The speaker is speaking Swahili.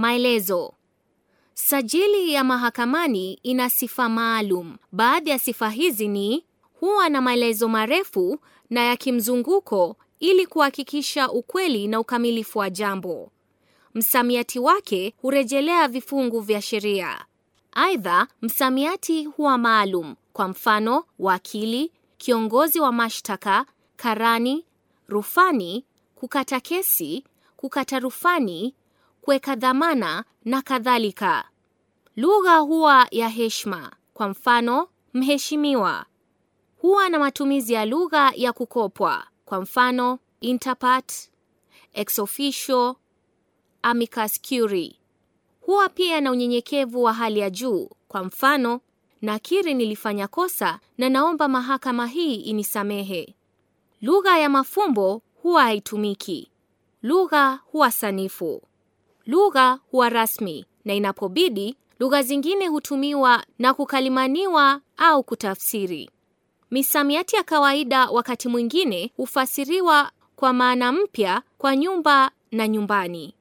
Maelezo. Sajili ya mahakamani ina sifa maalum. Baadhi ya sifa hizi ni huwa na maelezo marefu na ya kimzunguko ili kuhakikisha ukweli na ukamilifu wa jambo. Msamiati wake hurejelea vifungu vya sheria. Aidha, msamiati huwa maalum, kwa mfano, wakili, kiongozi wa mashtaka, karani, rufani, kukata kesi, kukata rufani, kuweka dhamana na kadhalika. Lugha huwa ya heshima. Kwa mfano, mheshimiwa huwa na matumizi ya lugha ya kukopwa. Kwa mfano, inter ex officio, amicus curiae. Huwa pia na unyenyekevu wa hali ya juu. Kwa mfano, nakiri nilifanya kosa na naomba mahakama hii inisamehe. Lugha ya mafumbo huwa haitumiki. Lugha huwa sanifu lugha huwa rasmi na inapobidi, lugha zingine hutumiwa na kukalimaniwa au kutafsiri. Misamiati ya kawaida wakati mwingine hufasiriwa kwa maana mpya kwa nyumba na nyumbani.